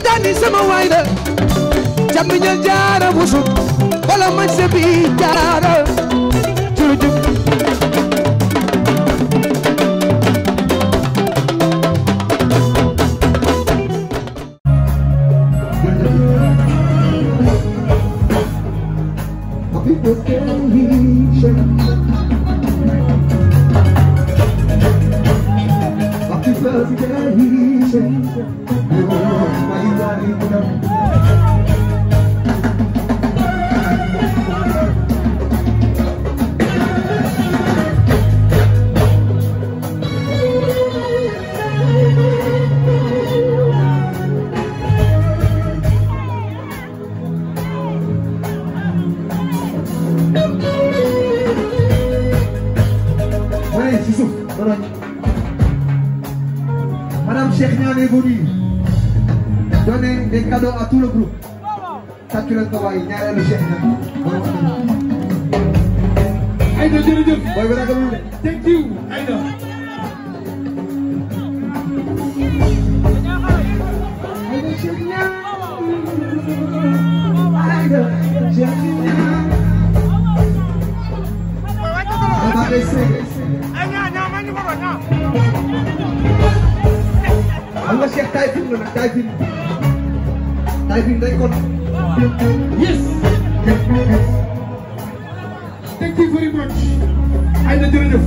tijani sama waay la jamiñal jaara busu wala man se bi jaara jurujub Happy birthday, Thank you. ñaareelu tabaay ñaareelu cheikh nag. ayda jërëjëf. booy bi ragalul de. thank you ayda. am nga cheikh taay fi mu ne nag taay fi mu taay fi mu day kon. Yes. Thank you very much. Ay na jërëjëf.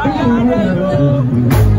Thank you.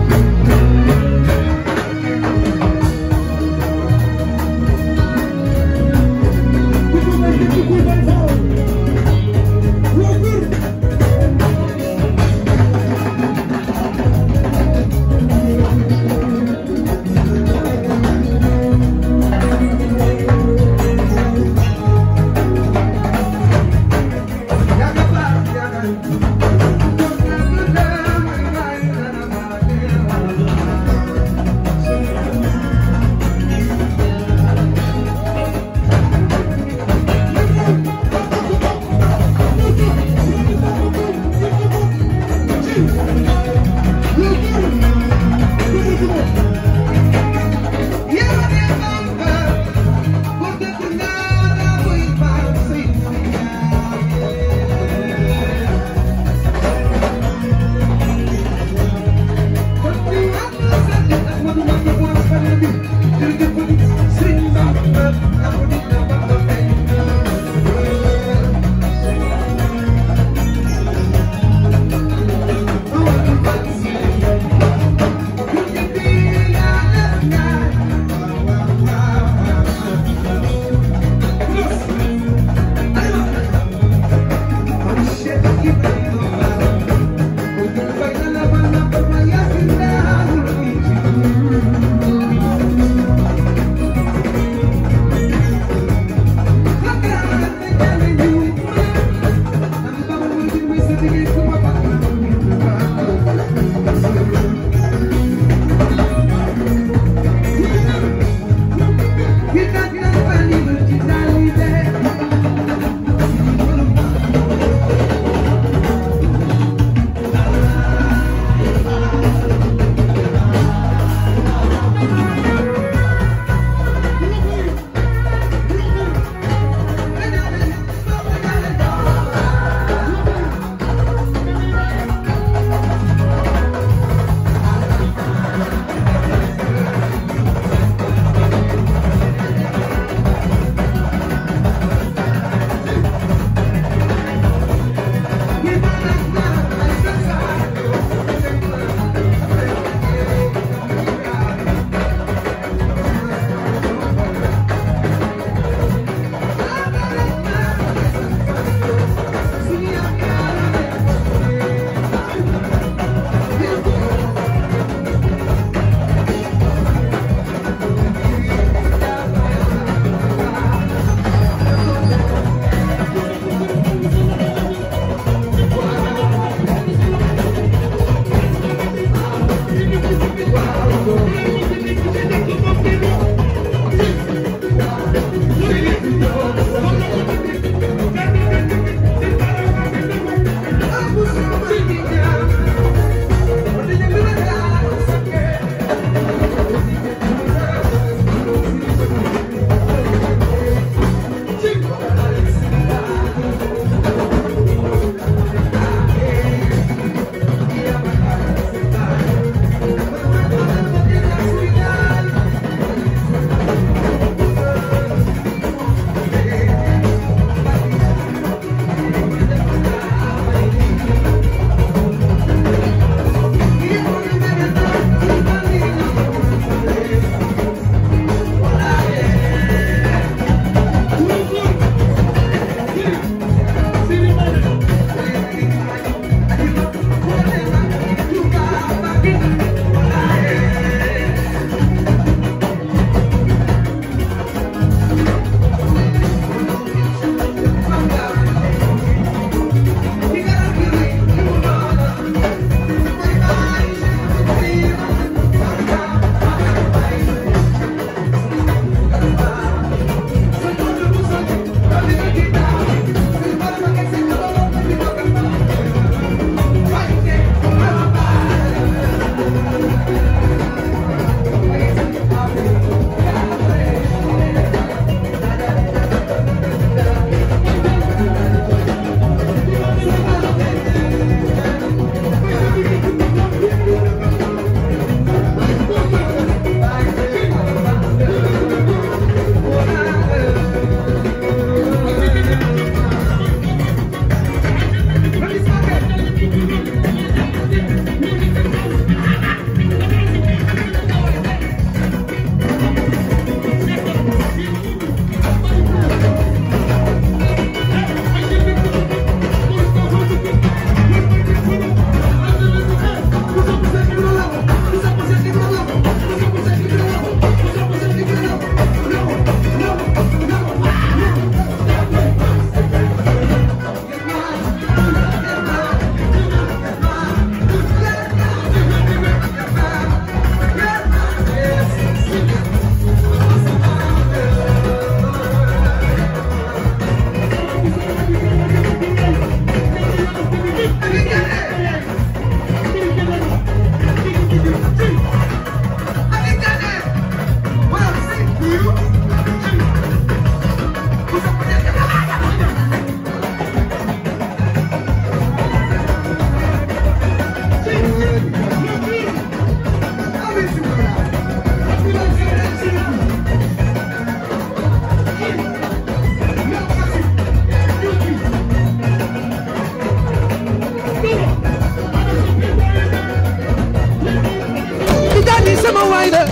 Tijani sama waay la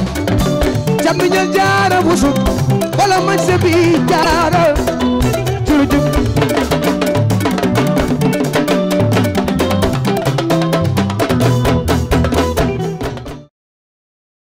jàmm ñal jaara busuk wala man se bi jaara